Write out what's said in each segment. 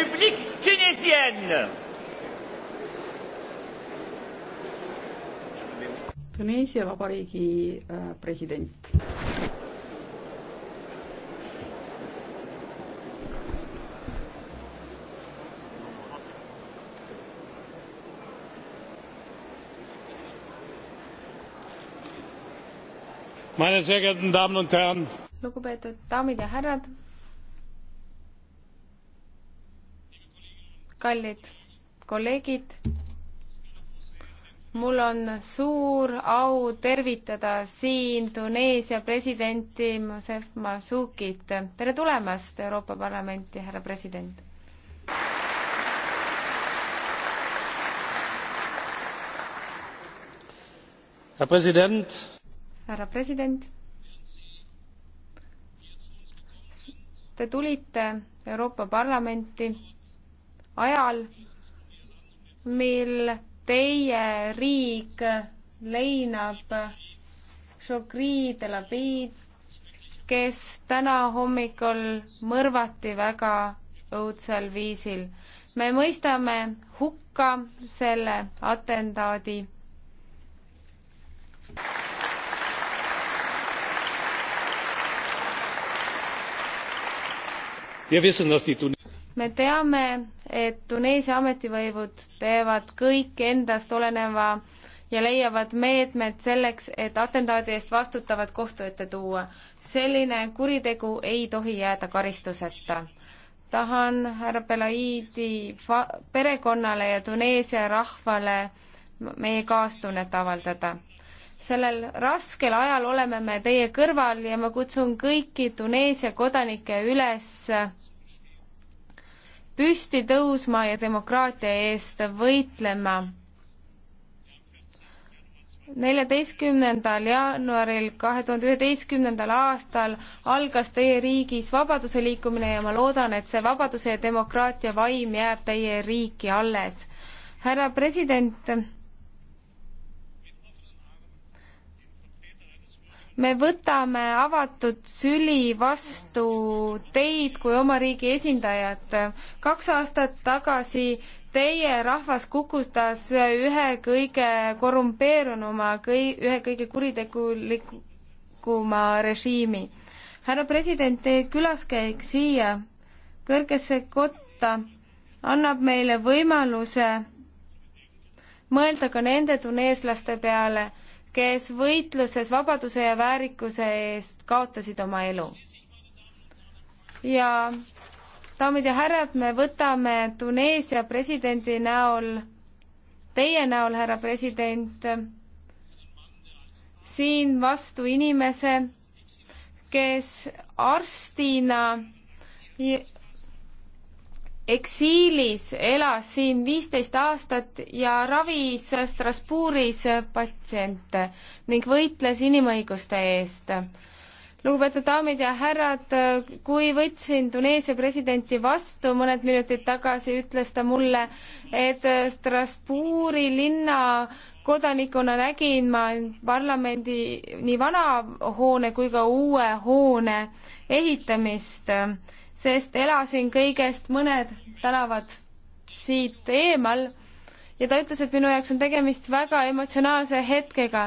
République tunisienne. Tuneesia Vabariigi äh, president. lugupeetud daamid ja härrad kallid kolleegid, mul on suur au tervitada siin Tuneesia presidenti Mosef Masukit. tere tulemast Euroopa Parlamenti, härra president! härra president! härra president! Te tulite Euroopa Parlamenti ajal, mil teie riik leinab Chokri Delabid, kes täna hommikul mõrvati väga õudsel viisil. me mõistame hukka selle atendaadi. wir wissen dass die me teame, et Tuneesia ametivõivud teevad kõik endast oleneva ja leiavad meetmed selleks, et atentaadi eest vastutavad kohtu ette tuua. selline kuritegu ei tohi jääda karistuseta. tahan härra Belaidi perekonnale ja Tuneesia rahvale meie kaastunnet avaldada. sellel raskel ajal oleme me teie kõrval ja ma kutsun kõiki Tuneesia kodanikke üles püsti tõusma ja demokraatia eest võitlema. neljateistkümnendal jaanuaril kahe tuhande üheteistkümnendal aastal algas teie riigis vabaduse liikumine ja ma loodan, et see vabaduse ja demokraatia vaim jääb teie riiki alles. härra president me võtame avatud süli vastu teid kui oma riigi esindajat. kaks aastat tagasi teie rahvas kukutas ühe kõige korrumpeerunuma, kõi-, ühe kõige kuritegulikuma režiimi. härra president, teie külaskäik siia kõrgesse kotta annab meile võimaluse mõelda ka nende tuneeslaste peale, kes võitluses vabaduse ja väärikuse eest kaotasid oma elu. ja daamid ja härrad, me võtame Tuneesia presidendi näol, teie näol, härra president, siin vastu inimese, kes arstina eksiilis, elas siin viisteist aastat ja ravis Strasbourgis patsiente ning võitles inimõiguste eest. lugupeetud daamid ja härrad, kui võtsin Tuneesia presidenti vastu mõned minutid tagasi, ütles ta mulle, et Strasbourgi linna kodanikuna nägin ma parlamendi nii vana hoone kui ka uue hoone ehitamist sest elasin kõigest mõned tänavad siit eemal ja ta ütles, et minu jaoks on tegemist väga emotsionaalse hetkega.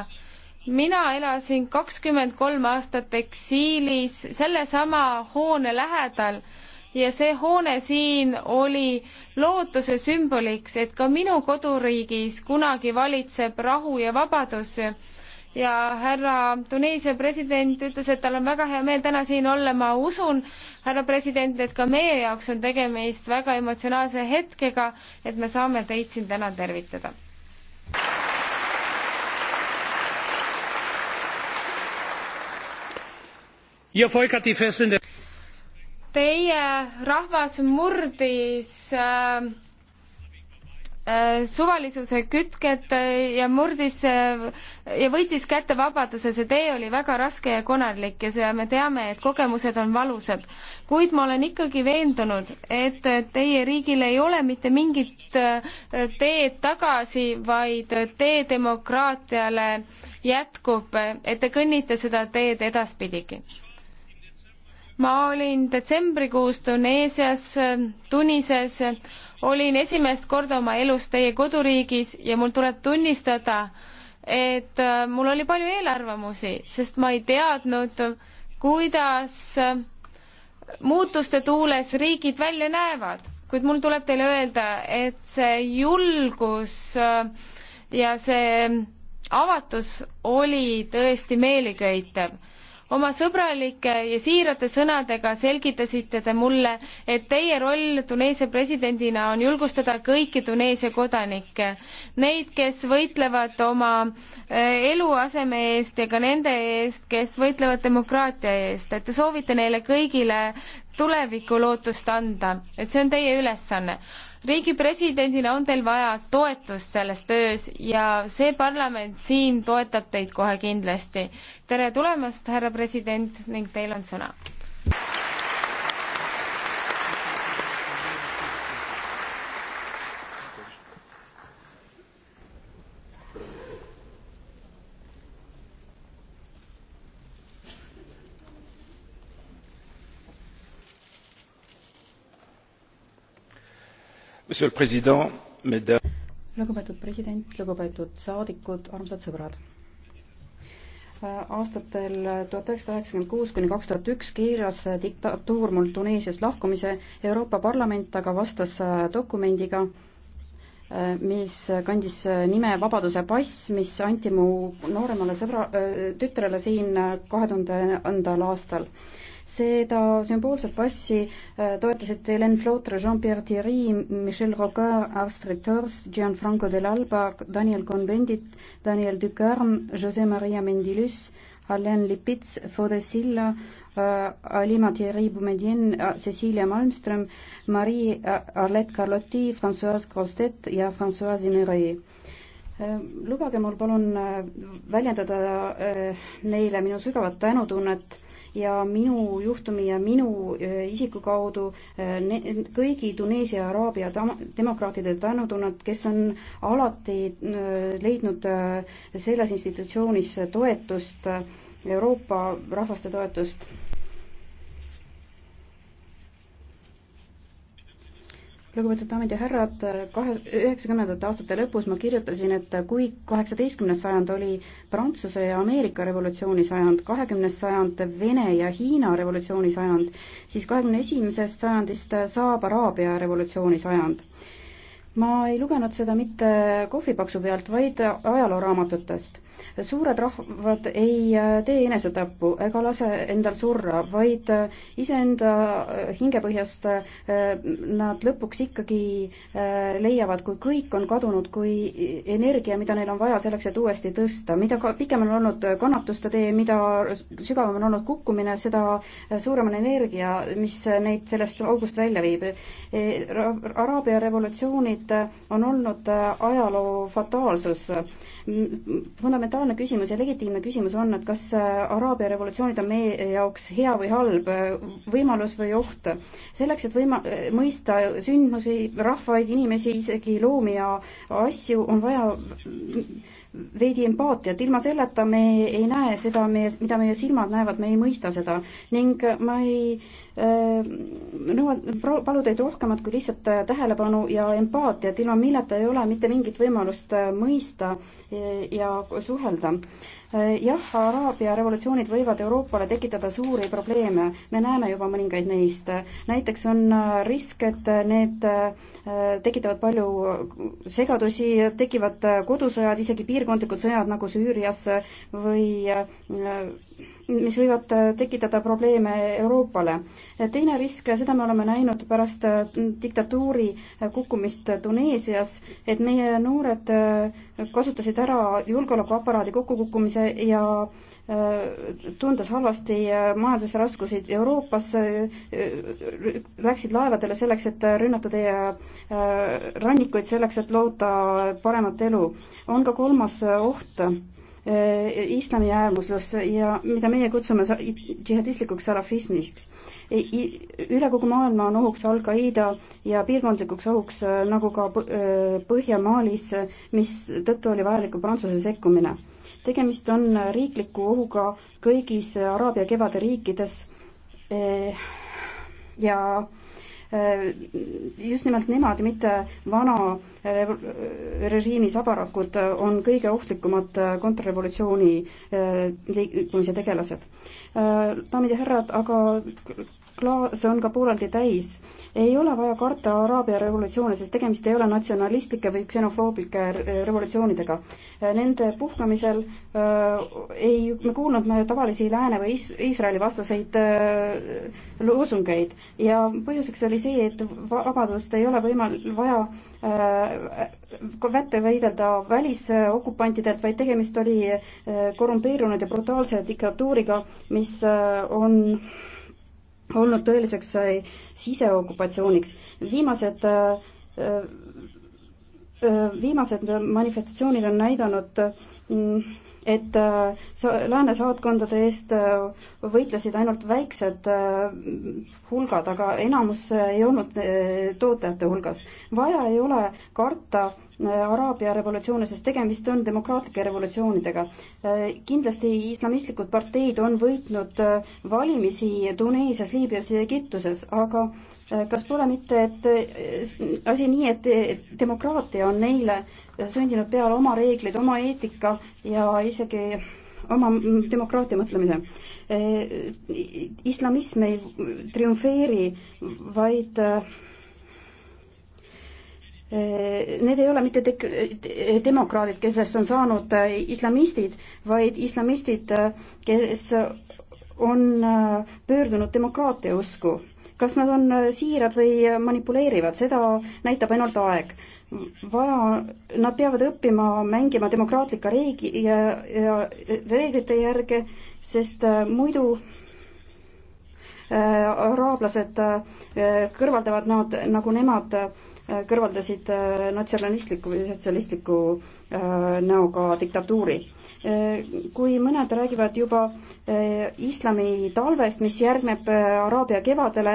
mina elasin kakskümmend kolm aastat eksiilis sellesama hoone lähedal ja see hoone siin oli lootuse sümboliks, et ka minu koduriigis kunagi valitseb rahu ja vabadus ja härra Tuneesia president ütles, et tal on väga hea meel täna siin olla, ma usun, härra president, et ka meie jaoks on tegemist väga emotsionaalse hetkega, et me saame teid siin täna tervitada. Teie rahvas murdis äh, Äh, suvalisuse kütket äh, ja murdis äh, ja võitis kätte vabaduse, see tee oli väga raske ja konarlik ja see, me teame, et kogemused on valusad. kuid ma olen ikkagi veendunud, et teie riigil ei ole mitte mingit teed tagasi, vaid tee demokraatiale jätkub, et te kõnnite seda teed edaspidigi ma olin detsembrikuus Tuneesias, Tunises, olin esimest korda oma elus teie koduriigis ja mul tuleb tunnistada, et äh, mul oli palju eelarvamusi, sest ma ei teadnud, kuidas äh, muutuste tuules riigid välja näevad, kuid mul tuleb teile öelda, et see julgus äh, ja see avatus oli tõesti meeliköitev oma sõbralike ja siirate sõnadega selgitasite te mulle, et teie roll Tuneesia presidendina on julgustada kõiki Tuneesia kodanikke, neid, kes võitlevad oma eh, eluaseme eest ja ka nende eest, kes võitlevad demokraatia eest, et te soovite neile kõigile tulevikulootust anda, et see on teie ülesanne riigi presidendina on teil vaja toetust selles töös ja see parlament siin toetab teid kohe kindlasti. tere tulemast, härra president ning teil on sõna lugupeetud president, lugupeetud saadikud, armsad sõbrad aastatel tuhat üheksasada üheksakümmend kuus kuni kaks tuhat üks keeras diktatuur mul Tuneesiast lahkumise, Euroopa Parlament aga vastas dokumendiga, mis kandis nime Vabaduse pass, mis anti mu nooremale sõbra, tütrele siin kahe tuhande andal aastal seda sümboolset passi äh, toetasid Hélène Flotre, Jean-Pierre Thierry, Michel Rocard, Astrid Tors, Gianfranco del Alba, Daniel Cohn-Bendit, Daniel Ducarme, José Maria Mendilus, Alain Lipits, Fode Silla, äh, Alima Thierry Boumedien, äh, Cecilia Malmström, Marie Arlette Carlotti, Françoise Grostet ja Françoise Imeree. lubage mul palun väljendada neile minu sügavat tänutunnet ja minu juhtumi ja minu äh, isiku kaudu äh, kõigi Tuneesia araabia demokraatide tänutunnet, kes on alati äh, leidnud selles institutsioonis toetust, Euroopa rahvaste toetust lugupeetud daamid ja härrad, kahe, üheksakümnendate aastate lõpus ma kirjutasin, et kui kaheksateistkümnes sajand oli Prantsuse ja Ameerika revolutsiooni sajand, kahekümnes sajand Vene ja Hiina revolutsiooni sajand, siis kahekümne esimesest sajandist saab Araabia revolutsiooni sajand. ma ei lugenud seda mitte kohvipaksu pealt, vaid ajalooraamatutest suured rahvad ei äh, tee enesetappu ega lase endal surra, vaid äh, iseenda äh, hingepõhjast nad lõpuks ikkagi leiavad, kui kõik on kadunud, kui energia, mida neil on vaja selleks, et uuesti tõsta, mida ka pikem on olnud kannatuste tee, mida sügavam on olnud kukkumine, seda suurem on energia, mis neid sellest august välja viib. E, Araabia revolutsioonid on olnud ajaloo fataalsus fundamentaalne küsimus ja legitiimne küsimus on, et kas äh, Araabia revolutsioonid on meie jaoks hea või halb, äh, võimalus või oht. selleks, et võima-, äh, mõista sündmusi, rahvaid, inimesi, isegi loomi ja asju, on vaja veidi empaatiat, ilma selleta me ei näe seda, meie, mida meie silmad näevad, me ei mõista seda ning ma ei äh, nõuan, palu teid rohkemat kui lihtsalt äh, tähelepanu ja empaatiat, ilma milleta ei ole mitte mingit võimalust äh, mõista ja suhelda jah, Araabia revolutsioonid võivad Euroopale tekitada suuri probleeme, me näeme juba mõningaid neist. näiteks on risk, et need äh, tekitavad palju segadusi, tekivad kodusõjad, isegi piirkondlikud sõjad nagu Süürias või äh, mis võivad äh, tekitada probleeme Euroopale. teine risk, seda me oleme näinud pärast äh, diktatuuri äh, kukkumist Tuneesias, et meie noored kasutasid ära julgeolekuaparaadi kokkukukkumise ja tundes halvasti majandusraskusi Euroopas, läksid laevadele selleks, et rünnata teie rannikuid, selleks, et loota paremat elu. on ka kolmas oht Äh, islami äärmuslus ja mida meie kutsume džihadistlikuks salafismiks. üle kogu maailma on ohuks Al-Qaeda ja piirkondlikuks ohuks äh, nagu ka äh, Põhja-Malis, mistõttu oli vajalik ka Prantsuse sekkumine. tegemist on riikliku ohuga kõigis Araabia kevade riikides ja Äh, just nimelt nemad, mitte vana äh, režiimi sabarakud, äh, on kõige ohtlikumad kontrrevolutsiooni liikumise tegelased. daamid ja härrad, aga klaas on ka pooleldi täis. ei ole vaja karta Araabia revolutsioone, sest tegemist ei ole natsionalistlike või ksenofooblike revolutsioonidega. Nende puhkamisel äh, ei, me kuulnud me tavalisi lääne või Iisraeli vastaseid äh, loosungeid ja põhjuseks oli see, et vabadust ei ole võimal-, vaja äh, kätte võidelda välisokupantidelt, vaid tegemist oli äh, korrumpeerunud ja brutaalse diktatuuriga, mis äh, on olnud tõeliseks siseokupatsiooniks. viimased viimased manifestatsioonid on näidanud mm, et äh, lääne saatkondade eest äh, võitlesid ainult väiksed äh, hulgad, aga enamus ei olnud tootjate hulgas. vaja ei ole karta Araabia revolutsioone, sest tegemist on demokraatlike revolutsioonidega. kindlasti islamistlikud parteid on võitnud valimisi Tuneesias, Liibüas ja Egiptuses, aga kas pole mitte, et äh, asi nii, et äh, demokraatia on neile sündinud peale oma reegleid, oma eetika ja isegi oma mm, demokraatia mõtlemise. Äh, islamism ei triumfeeri, vaid Need ei ole mitte demokraadid, kellest on saanud islamistid, vaid islamistid, kes on pöördunud demokraatia usku kas nad on äh, siirad või äh, manipuleerivad, seda näitab ainult aeg. vaja, nad peavad õppima mängima demokraatlike riigi ja, ja reeglite järgi, sest äh, muidu äh, araablased äh, kõrvaldavad nad, nagu nemad äh, kõrvaldasid äh, natsionalistliku või sotsialistliku äh, näoga diktatuuri äh,. kui mõned räägivad juba äh, Äh, islami talvest, mis järgneb äh, Araabia kevadele,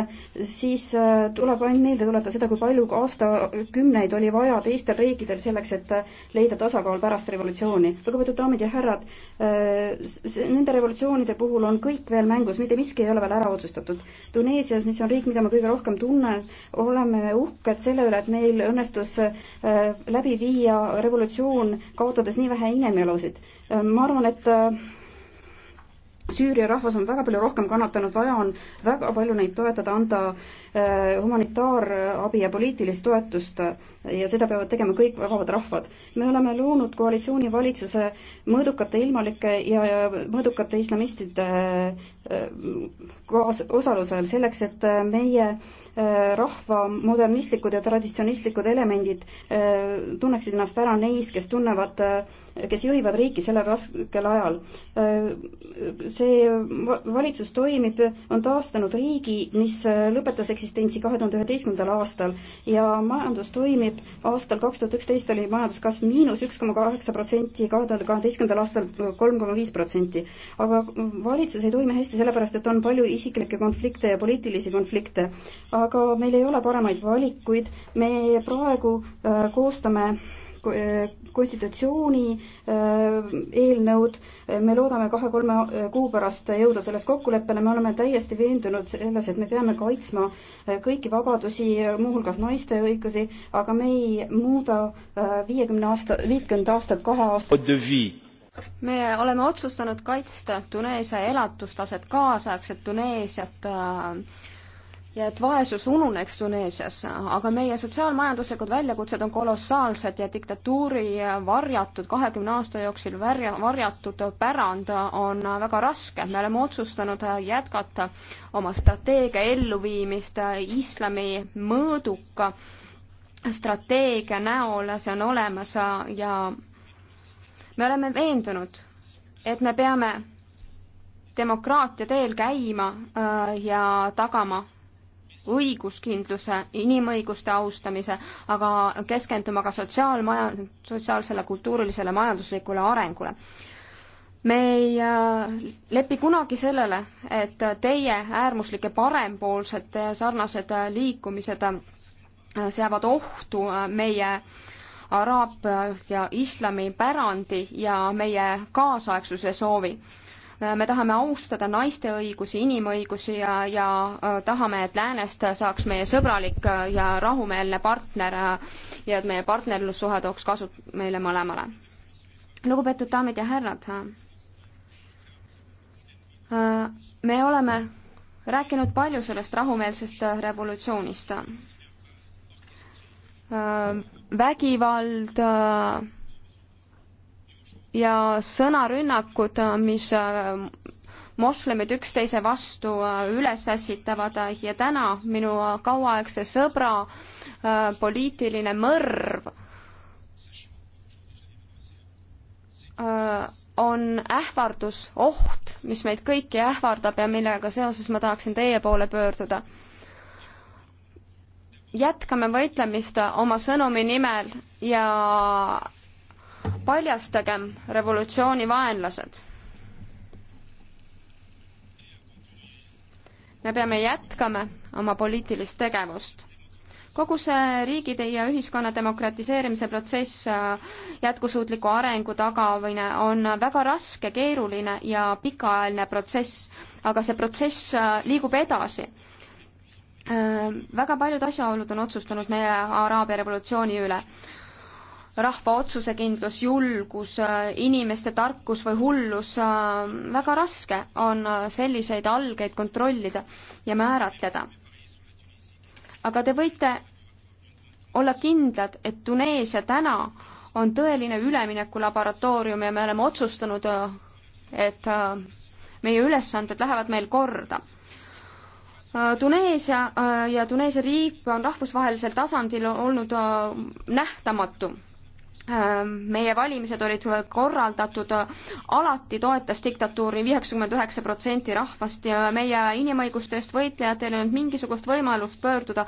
siis äh, tuleb ainult meelde tuletada seda, kui palju aastakümneid oli vaja teistel riikidel selleks, et leida tasakaal pärast revolutsiooni. lugupeetud daamid ja härrad, nende revolutsioonide puhul on kõik veel mängus, mitte miski ei ole veel ära otsustatud. Tuneesias, mis on riik, mida ma kõige rohkem tunnen, oleme uhked selle üle, et meil õnnestus läbi viia revolutsioon, kaotades nii vähe inimelusid. ma arvan, et Süüria rahvas on väga palju rohkem kannatanud, vaja on väga palju neid toetada, anda äh, humanitaarabi ja poliitilist toetust ja seda peavad tegema kõik vabad rahvad. me oleme loonud koalitsioonivalitsuse mõõdukate ilmalike ja, ja mõõdukate islamistide äh, kaas-, osalusel selleks, et äh, meie äh, Äh, rahva modernistlikud ja traditsionistlikud elemendid äh, tunneksid ennast ära neis, kes tunnevad, äh, kes juhivad riiki sellel raskel ajal. see valitsus toimib, on taastanud riigi, mis lõpetas eksistentsi kahe tuhande üheteistkümnendal aastal ja majandus toimib, aastal kaks tuhat üksteist oli majanduskasv miinus üks koma kaheksa protsenti, kahe tuhande kaheteistkümnendal aastal kolm koma viis protsenti. aga valitsus ei toimi hästi sellepärast, et on palju isiklikke konflikte ja poliitilisi konflikte aga aga meil ei ole paremaid valikuid, me praegu äh, koostame äh, konstitutsiooni äh, eelnõud, me loodame kahe-kolme kuu pärast jõuda selles kokkuleppele, me oleme täiesti veendunud selles, et me peame kaitsma kõiki vabadusi, muuhulgas naiste õigusi, aga me ei muuda viiekümne aasta, viitkümmend aastat kahe aasta me oleme otsustanud kaitsta Tuneesia elatustaset, kaasaegset Tuneesiat äh, ja et vaesus ununeks Tuneesias, aga meie sotsiaalmajanduslikud väljakutsed on kolossaalsed ja diktatuuri varjatud, kahekümne aasta jooksul värja, varjatud pärand on väga raske. me oleme otsustanud jätkata oma strateegia elluviimist islami mõõduka strateegia näol, see on olemas ja me oleme veendunud, et me peame demokraatia teel käima äh, ja tagama õiguskindluse, inimõiguste austamise, aga keskenduma ka sotsiaalmaja, sotsiaalsele, kultuurilisele, majanduslikule arengule. me ei äh, lepi kunagi sellele, et teie äärmuslike parempoolsete äh, sarnased äh, liikumised seavad ohtu meie araabia ja islami pärandi ja meie kaasaegsuse soovi me tahame austada naiste õigusi, inimõigusi ja, ja tahame, et läänest saaks meie sõbralik ja rahumeelne partner ja et meie partnerlussuhe tooks kasu meile mõlemale. lugupeetud daamid ja härrad, me oleme rääkinud palju sellest rahumeelsest revolutsioonist. vägivald ja sõnarünnakud, mis äh, moslemid üksteise vastu äh, üles ässitavad äh, ja täna minu kauaaegse sõbra poliitiline mõrv on ähvardus, oht, mis meid kõiki ähvardab ja millega seoses ma tahaksin teie poole pöörduda. jätkame võitlemist oma sõnumi nimel ja paljastagem revolutsiooni vaenlased. me peame jätkama oma poliitilist tegevust kogu see riigide ja ühiskonna demokratiseerimise protsess, äh, jätkusuutliku arengu tagamine on väga raske, keeruline ja pikaajaline protsess, aga see protsess äh, liigub edasi. Äh, väga paljud asjaolud on otsustanud meie Araabia revolutsiooni üle rahva otsusekindlus, julgus, inimeste tarkus või hullus, väga raske on selliseid algeid kontrollida ja määratleda. aga te võite olla kindlad, et Tuneesia täna on tõeline üleminekulaboratoorium ja me oleme otsustanud, et meie ülesanded lähevad meil korda Tuneesia ja Tuneesia riik on rahvusvahelisel tasandil olnud nähtamatu. Ähm, meie valimised olid korraldatud, alati toetas diktatuuri üheksakümmend üheksa protsenti rahvast ja meie inimõiguste eest võitlejatel ei olnud mingisugust võimalust pöörduda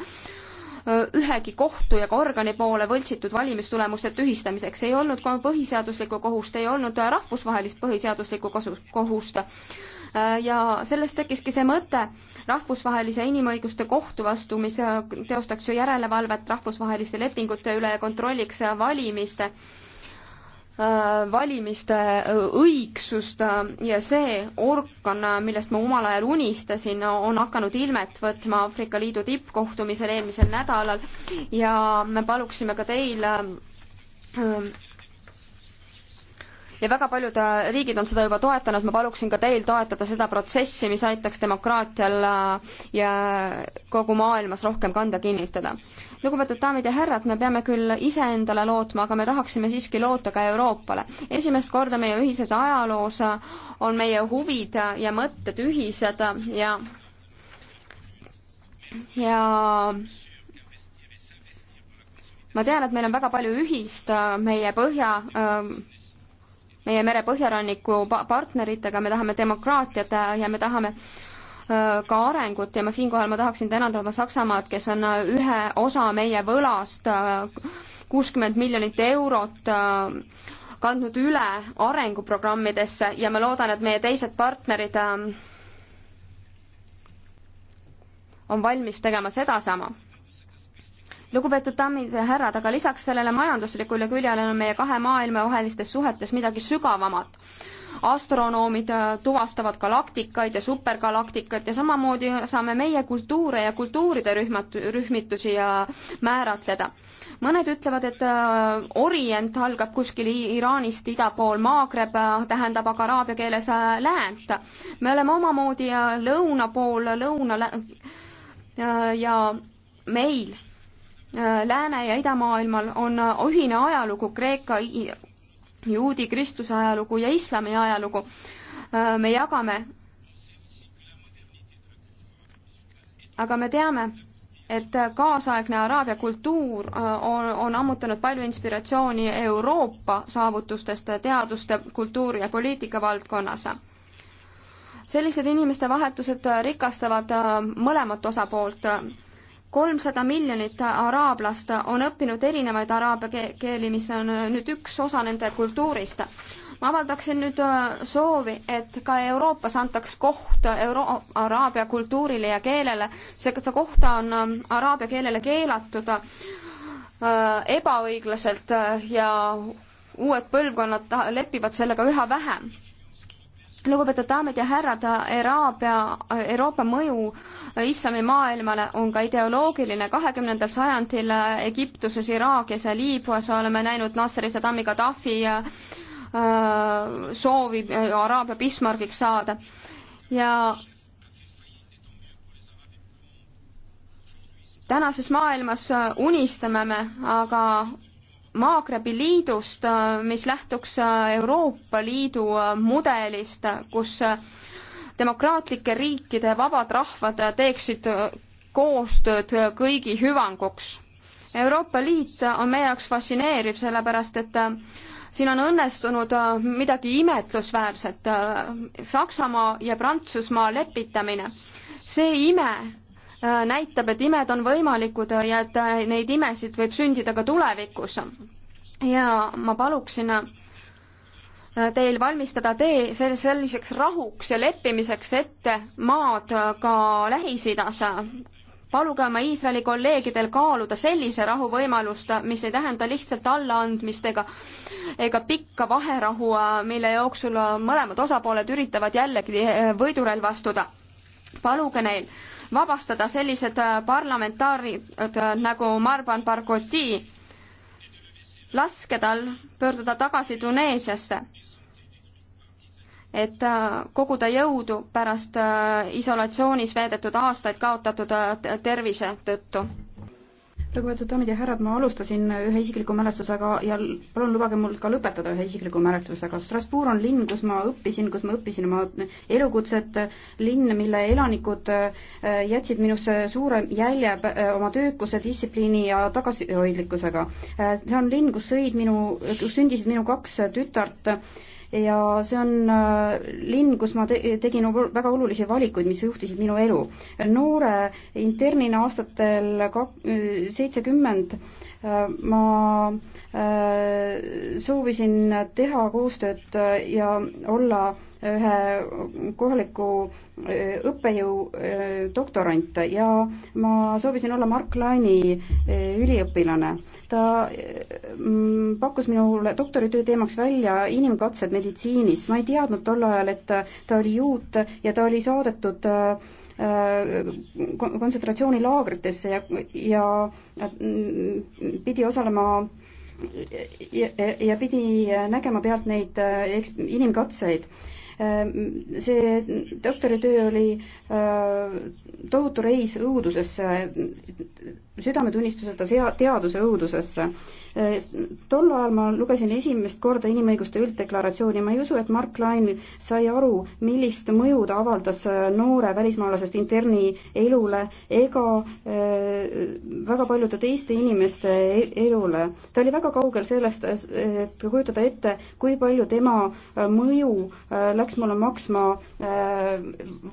ühegi kohtu ja ka organi poole võltsitud valimistulemuste tühistamiseks. ei olnud põhiseaduslikku kohust, ei olnud rahvusvahelist põhiseaduslikku kohust Äh, ja sellest tekkiski see mõte rahvusvahelise inimõiguste kohtu vastu, mis äh, teostaks ju järelevalvet rahvusvaheliste lepingute üle ja kontrolliks äh, valimiste valimiste õigsust ja see orkan, millest ma omal ajal unistasin, on hakanud ilmet võtma Aafrika Liidu tippkohtumisel eelmisel nädalal ja me paluksime ka teil ja väga paljud äh, riigid on seda juba toetanud, ma paluksin ka teil toetada seda protsessi, mis aitaks demokraatial äh, ja kogu maailmas rohkem kanda kinnitada. lugupeetud daamid ja härrad, me peame küll iseendale lootma, aga me tahaksime siiski loota ka Euroopale. esimest korda meie ühises ajaloos äh, on meie huvid ja mõtted ühised ja ja ma tean, et meil on väga palju ühist meie põhja öö, meie mere põhjaranniku partneritega, me tahame demokraatiat ja me tahame ka arengut ja ma siinkohal ma tahaksin tänada oma Saksamaad, kes on ühe osa meie võlast, kuuskümmend miljonit eurot, kandnud üle arenguprogrammidesse ja ma loodan, et meie teised partnerid on valmis tegema sedasama lugupeetud daamid ja härrad, aga lisaks sellele majanduslikule küljele on meie kahe maailma vahelistes suhetes midagi sügavamat. astronoomid äh, tuvastavad galaktikaid ja supergalaktikat ja samamoodi saame meie kultuure ja kultuuride rühmat-, rühmitusi ja äh, määratleda. mõned ütlevad, et äh, orient algab kuskil Iraanist ida pool, Maagreb tähendab aga araabia keeles läänt. me oleme omamoodi lõuna pool, lõuna lä- ja meil Äh, lääne- ja idamaailmal on äh, ühine ajalugu, Kreeka, juudi, kristluse ajalugu ja islami ajalugu. Äh, me jagame. aga me teame, et kaasaegne araabia kultuur on, on ammutanud palju inspiratsiooni Euroopa saavutustest teaduste, kultuuri ja poliitika valdkonnas. sellised inimeste vahetused rikastavad mõlemat osapoolt kolmsada miljonit araablast on õppinud erinevaid araabia keeli, mis on äh, nüüd üks osa nende kultuurist. ma avaldaksin nüüd äh, soovi, et ka Euroopas antaks koht euro-, araabia kultuurile ja keelele, see koht on äh, araabia keelele keelatud ebaõiglaselt ja uued põlvkonnad lepivad sellega üha vähem lugupeetud daamid ja härrad, Araabia, Euroopa mõju islamimaailmale on ka ideoloogiline. kahekümnendal sajandil Egiptuses, Iraagias ja Liibüas oleme näinud Nasseri Saddami Gaddafi äh, soovi äh, Araabia Bismarckiks saada ja tänases maailmas unistame me aga Maagrebi liidust, äh, mis lähtuks äh, Euroopa Liidu äh, mudelist, kus demokraatlike riikide vabad rahvad teeksid koostööd kõigi hüvanguks. Euroopa Liit on meie jaoks fascineeriv, sellepärast et siin on õnnestunud midagi imetlusväärset, Saksamaa ja Prantsusmaa lepitamine. see ime Äh, näitab, et imed on võimalikud ja et äh, neid imesid võib sündida ka tulevikus. ja ma paluksin äh, teil valmistada tee selliseks rahuks ja leppimiseks ette maad ka Lähis-Idas. paluge oma Iisraeli kolleegidel kaaluda sellise rahu võimalust, mis ei tähenda lihtsalt allaandmist ega, ega pikka vaherahu, mille jooksul mõlemad osapooled üritavad jällegi võidurelvastuda paluge neil vabastada sellised äh, parlamentaarid äh, nagu Marban Barghouti, laske tal pöörduda tagasi Tuneesiasse, et äh, koguda jõudu pärast isolatsioonis veedetud aastaid kaotatud tervise tõttu lugupeetud daamid ja härrad, ma alustasin ühe isikliku mälestusega ja palun lubage mul ka lõpetada ühe isikliku mälestusega. Strasbourg on linn, kus ma õppisin, kus ma õppisin oma elukutset, linn, mille elanikud äh, jätsid minusse suure jälje äh, oma töökuse, distsipliini ja tagasihoidlikkusega. Äh, see on linn, kus sõid minu, kus sündisid minu kaks tütart ja see on äh, linn, kus ma te tegin väga olulisi valikuid, mis juhtisid minu elu. noore internina aastatel äh, seitsekümmend äh, ma soovisin teha koostööd ja olla ühe kohaliku e, õppejõu e, doktorant ja ma soovisin olla Mark Laini e, üliõpilane. ta mm, pakkus minule doktoritöö teemaks välja inimkatsed meditsiinis. ma ei teadnud tol ajal, et ta oli juut ja ta oli saadetud kontsentratsioonilaagritesse ja, ja mm, pidi osalema ja, ja pidi nägema pealt neid inimkatseid Ehm, see doktoritöö oli äh, tohutu reis õudusesse, südametunnistuseta sea-, teaduse õudusesse tol ajal ma lugesin esimest korda inimõiguste ülddeklaratsiooni, ma ei usu, et Mark Klein sai aru, millist mõju ta avaldas noore välismaalasest interni elule ega äh, väga paljude teiste inimeste e-, elule. ta oli väga kaugel sellest, et kujutada ette, kui palju tema äh, mõju äh, läks mulle maksma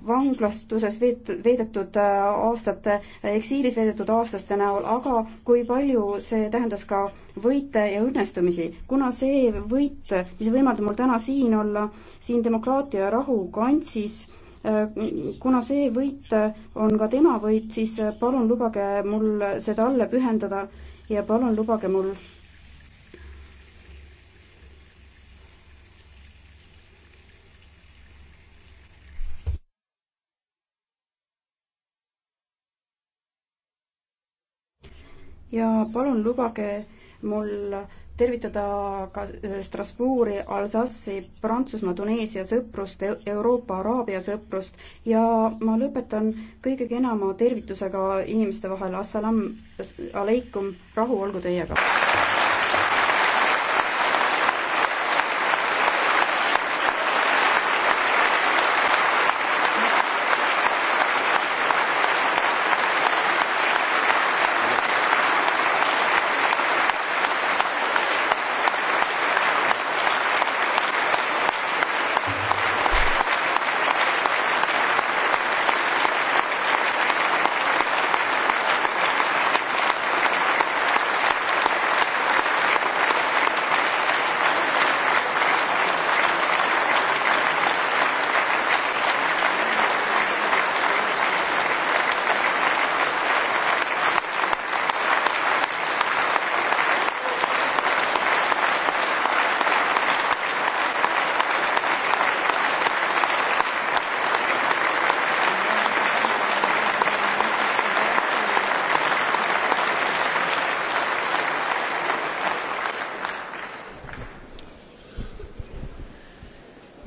vanglastuses veedetud aastate, eksiilis veedetud aastaste näol, aga kui palju see tähendas ka võite ja õnnestumisi, kuna see võit, mis võimaldab mul täna siin olla, siin demokraatia ja rahu kantsis, äh, kuna see võit on ka tema võit, siis palun lubage mul seda alla pühendada ja palun lubage mul ja palun lubage mul tervitada ka äh, Strasbourgi, Alsassi, Prantsusmaa, Tuneesia sõprust, e-, Euroopa Araabia sõprust ja ma lõpetan kõige kenama tervitusega inimeste vahel, assalam, aleikum, rahu olgu teiega!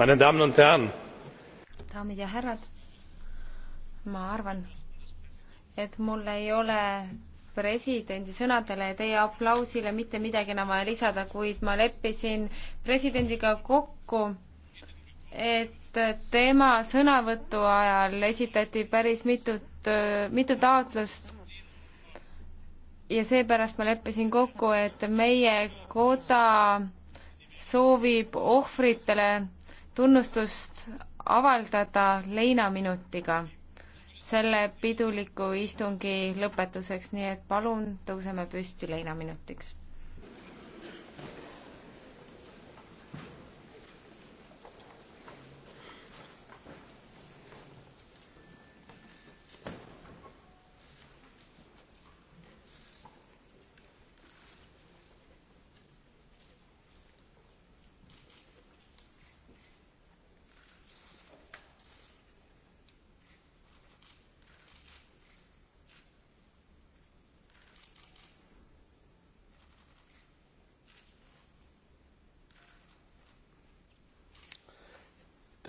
meine Damen und Herren. daamid ja härrad, ma arvan, et mul ei ole presidendi sõnadele ja teie aplausile mitte midagi enam vaja lisada, kuid ma leppisin presidendiga kokku, et tema sõnavõtu ajal esitati päris mitut, mitu taotlust ja seepärast ma leppisin kokku, et meie koda soovib ohvritele tunnustust avaldada leinaminutiga selle piduliku istungi lõpetuseks, nii et palun tõuseme püsti leinaminutiks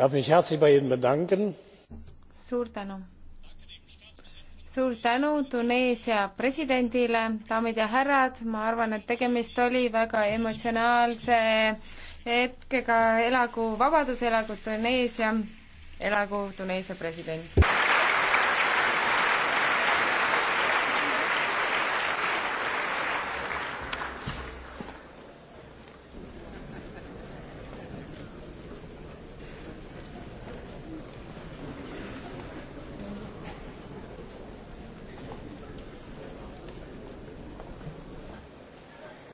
darf mich herzlich bei Ihnen bedanken. suur tänu. suur tänu Tuneesia presidendile, daamid ja härrad, ma arvan, et tegemist oli väga emotsionaalse hetkega, elagu vabadus, elagu Tuneesia, elagu Tuneesia president.